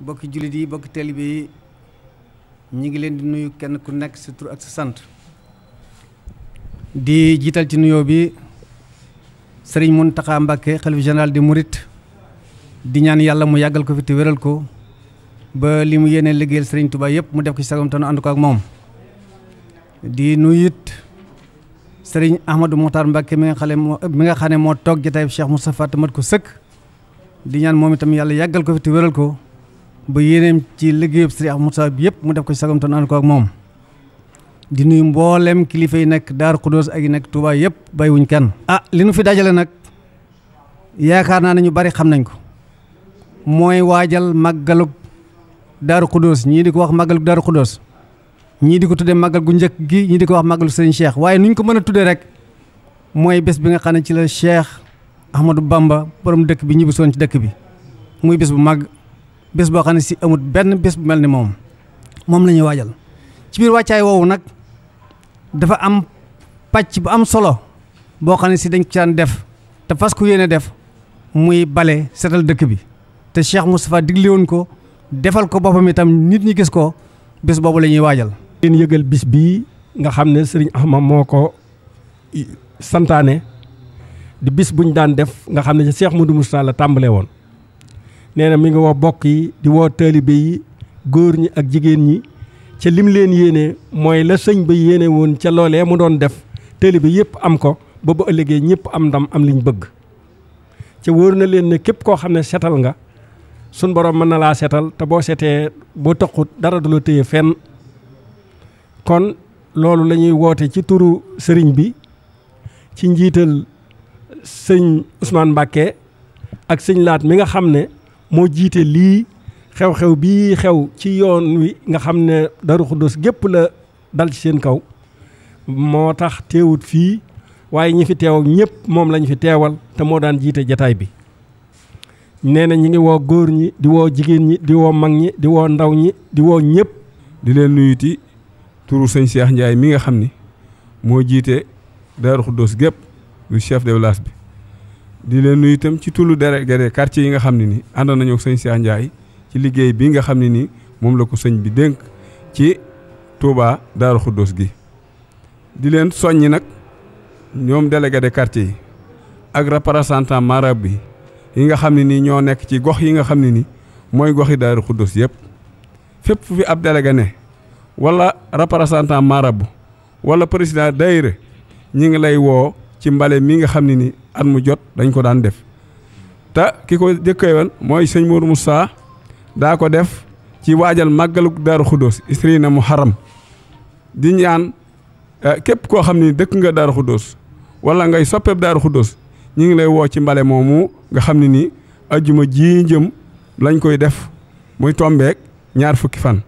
bokki jullit yi bokki taalibe bi ñu ngi leen di nuyu kenn ku nekk sa ak sa sant di jiital ci nuyoo bi sëriñ Mountakha Mbacké xalif général di murit di ñaan yàlla mu yàggal ko fi te wéral ko ba li mu yéene liggéeyal sëriñ tubaay yëpp mu def ko ci sagam ànd ko ak moom di nuyu it sëriñ Ahmadou Moutar Mbacké mi nga xale moo mi nga xam ne moo toog jataay bi Cheikh te mat ko sëkk di ñaan moom itam yàlla yàggal ko fi te wéral ko ba yéeneem ci liggéeyub Sëriñ Ahmadu Moussa bi yëpp mu def ko ci sagam te ko ak moom di nuyu mboolem kilifa yi nekk Daaru Xuddoos ak yi nekk Touba yëpp bàyyiwuñ kenn. ah li nu fi dajale nag yaakaar naa ne ñu bari xam nañ ko mooy waajal màggalug Daaru Xuddoos ñii di ko wax màggalug Daaru Xuddoos ñii di ko tuddee màggal gu njëkk gi ñii di ko wax màggalug Sëriñ Cheikh waaye nuñ ko mën a tuddee rek mooy bés bi nga xam ne ci la Cheikh Ahmadou bàmba borom dëkk bi ñibbisoon ci dëkk bi muy bés boo xam ne si amut benn bés bu mel ni moom moom la ñuy waajal ci biir wàccaay woowu nag dafa am pàcc bu am solo boo xam ne si dañ ko daan def te fas ku yéene def muy bale setal dëkk bi te Cheikh Moustapha digle woon ko defal ko boppam itam nit ñi gis ko bés boobu la ñuy waajal. leen yëgal bis bii nga xam ne sëriñ Ahmad moo ko santaane di bis ñu daan def nga xam ne Cheikh Modou Moustapha la tàmbalee woon. nee na mi ngi wax bokk yi di woo taalibe yi góor ñi ak jigéen ñi ca lim leen yéene mooy la sëñ ba yéene woon ca loolee mu doon def taalibe yëpp am ko ba bu ëllëgee ñëpp am ndam am liñ bëgg ca wóor na leen ne képp koo xam ne setal nga sun borom mën na laa seetal te boo seetee boo taxut dara du la téye fenn kon loolu lañuy woote ci turu sëriñ bi ci njiital sëñ usmaan Mbacké ak sëñ Laat mi nga xam ne moo jiite lii xew-xew bii xew ci yoon wi nga xam ne Darou Khoudoss gépp la dal ci seen kaw moo tax teewut fii waaye ñi fi teew ñëpp moom lañu fi teewal te moo daan jiite jataay bi nee na ñi ngi woo góor ñi di woo jigéen ñi di woo mag ñi di woo ndaw ñi di woo ñëpp di leen nuyuti turu sëñ Cheikh Ndiaye mi nga xam ni moo jiite Darou Khoudoss gépp lu chef de village bi di leen nuyu itam ci tullu délégué quartier yi nga xam ne ni ànd nañoo ak sëñ Cheikh Ndiaye ci liggéey bii nga xam ne ni moom la ko sëñ bi dénk ci Touba Daaru Xuddoos gi di leen soññi nag ñoom délégué de quartier yi ak représentant marab bi yi nga xam ne ni ñoo nekk ci gox yi nga xam ne ni mooy goxi Daaru Xuddoos yëpp fépp fi ab délégué ne wala représentant marab wala président daayira ñu ngi lay woo ci mbale mi nga xam ne ni at mu jot dañ ko daan def te ki ko jëkkee mooy sëñ Mourou Moussa daa ko def ci waajal màggaluk Daaru na mu xaram di ñaan eh, képp koo xam ni dëkk nga Daaru Xuddoos wala ngay soppeeb Daaru Xuddoos ñu ngi lay woo ci mbale moomu nga xam ne nii ajjuma ji jëm lañ koy def muy tombeek ñaar fukki fan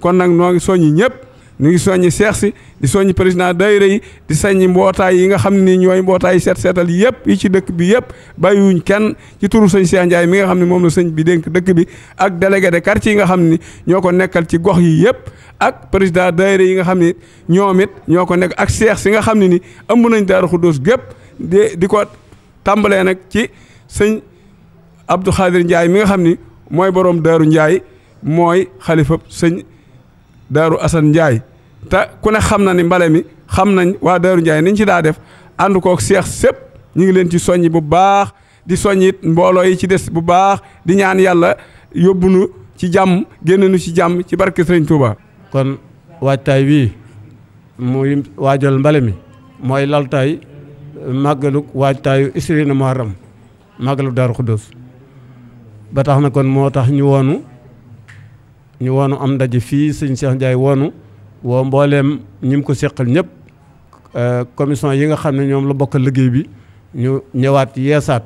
kon nag noo ngi soññi ñëpp ñu ngi soññi seex si di soññi président daayira yi di soññi mbootaay yi nga xam ne ñooy mbootaay seet seetal yëpp yi ci dëkk bi yëpp bàyyiwuñ kenn ci turu sëñ Cheikh Ndiaye mi nga xam ne moom la sëñ bi dénk dëkk bi ak délégué de yi nga xam ne ñoo ko nekkal ci gox yi yëpp ak président daayira yi nga xam ne ñoom it ñoo ko nekk ak seex si nga xam ne ni ëmb nañ Daaru Xuddoos gépp di di ko tàmbalee nag ci sëñ Abdou Khadir Ndiaye mi nga xam ni mooy borom Daaru Ndiaye mooy xalifa sëñ daaru Assane njaay te ku ne xam na ni mbale mi xam nañ waa daaru Ndiaye niñ ci daa def ànd kook seex sépp ñu ngi leen ci soññ bu baax di soññit mbooloo yi ci des bu baax di ñaan yàlla yóbbu nu ci jàmm génn nu ci jàmm ci barke Sëriñ Touba. kon waajtaay wii muy waajal mbale mi mooy laltaay màggalu waajtaayu isriina Muharram màggalu daaru Xuddoos ba tax na kon moo tax ñu woonu ñu woonu am ndaje fii sëñ Cheikh Ndiaye woonu woo mbooleem ñi ko seqal ñëpp euh, commission yi nga xam ne ñoom la bokkal liggéey bi ñu ñëwaat yeesaat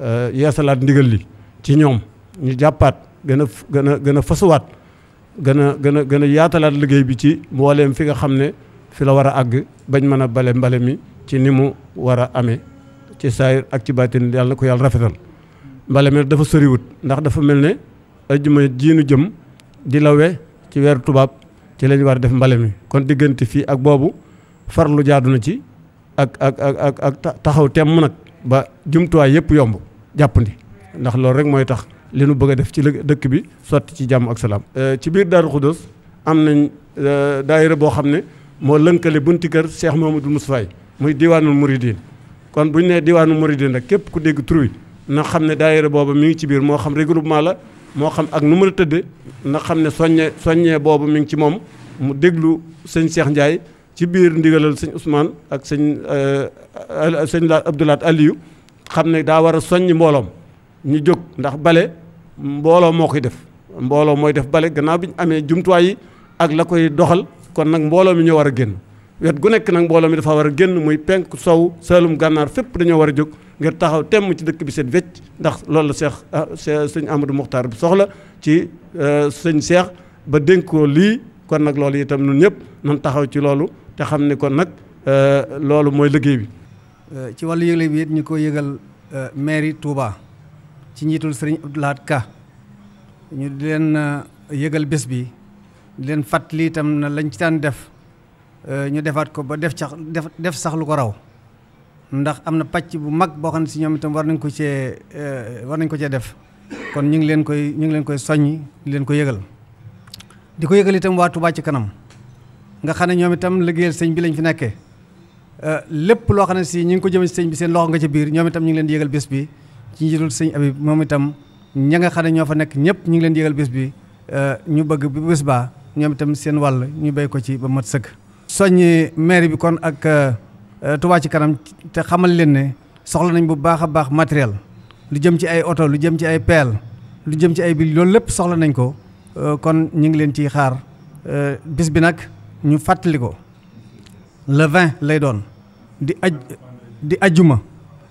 euh, yeesalaat ndigal li ci ñoom ñu jàppaat gën a gën a gën a fasuwaat gën a gën a gën a yaatalaat liggéey bi ci mbooleem fi nga xam ne fi la war a àgg bañ mën a bale mbale mi ci ni mu war a amee ci saayir ak ci baatin yàlla ko yàlla rafetal mbale mi dafa soriwut ndax dafa mel ne ajjuma jiinu jëm di lawe ci weeru tubaab ci lañu war def mbale mi kon diggante fii ak boobu farlu jaadu na ci ak ak ak ak taxaw temm nag ba jumtuwaay yëpp yomb jàppandi ndax loolu rek mooy tax li nu bëgg a def ci dëkk bi sotti ci jàmm ak salaam. Euh, ci biir Daaru Xuddos am nañ euh, daayira boo xam ne moo lënkale bunti kër moomu du Moustapha muy diwaanul Mourideen kon bu ñu nee diwaanul Mourideen rek képp ku dégg tur wi na xam ne daayira booba mu ngi ci biir moo xam regroupement la. moo xam ak nu ma la tëdd na xam ne soññe soññee boobu mi ngi ci moom mu déglu sëñ Cheikh Ndiaye ci biir ndigalal sëñ Ousmane ak sëñ euh, sëñ la Abdoulaat Aliou xam ne daa war a soññ mbooloom ñu jóg ndax bale mbooloo moo koy def mbooloo mooy def bale gannaaw bi ñu amee jumtuwaay yi ak la koy doxal kon nag mbooloo mi ñoo war a génn wet gu nekk nag mbooloo mi dafa war a génn muy penk sow saalum gànnaar fépp dañoo war a jóg ngir taxaw temm ci dëkk bi seen wecc ndax loolu la seex ah, sëñ Amadou Mokhtar bu soxla ci euh, sëñ Cheikh ba dénkoo lii kon nag loolu itam ñun ñëpp nan taxaw ci loolu te xam ne kon nag euh, loolu mooy liggéey bi. Euh, ci wàllu yëgle bi it ñu ko yëgal mairie Touba ci njiitul sëriñ Abdou Lahad Ka ñu di leen yëgal bés bi di leen lii itam na lañ ci daan def ñu defaat ko ba def sax def sax lu ko raw. ndax am na pàcc bu mag boo xam ne si ñoom itam war nañ ko cee eh, war nañ ko cee def kon ñu ngi leen koy ñu ngi leen koy soññi leen ko yëgal di ko yëgal itam waa Touba ci kanam nga xam ne ñoom itam liggéeyal sëñ bi lañ fi nekkee eh, lépp loo xam ne si ñu ngi ko jëmee sëñ bi seen loxo nga ci biir ñoom itam ñu ngi leen di yëgal bés bi ci njiitul sëñ Abib moom itam ña nga xam ne ñoo fa nekk ñëpp ñu ngi leen di yëgal bés bi eh, ñu bëgg bu bés baa ñoom itam seen wàll ñu béy ko ci ba mat sëkk soññ mairie bi kon ak Euh, Touba ci kanam te xamal leen ne soxla nañ bu baax a baax matériel lu jëm ci ay oto lu jëm ci ay peel lu jëm ci ay bil loolu lépp soxla nañ ko euh, kon ñu ngi leen ciy xaar euh, bis bi nag ñu fàttali ko le 20 lay doon di aj di ajjuma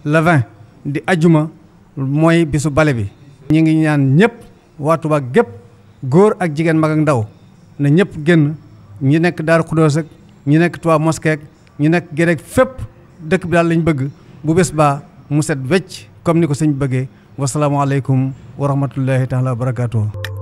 le 20 di ajuma mooy bisu bale bi ñu ngi ñaan ñëpp waa Touba gépp góor ak jigéen mag ak ndaw na ñëpp génn ñu nekk Daaru Xuddoos ak ñi nekk Touba moskeek ñu nekk gerek fépp dëkk bi daal lañ bëgg bu bés baa mu set wecc comme ni ko sëñ bëggee wasalaamualeykum wa rahmatullahi taala wa barakaatu.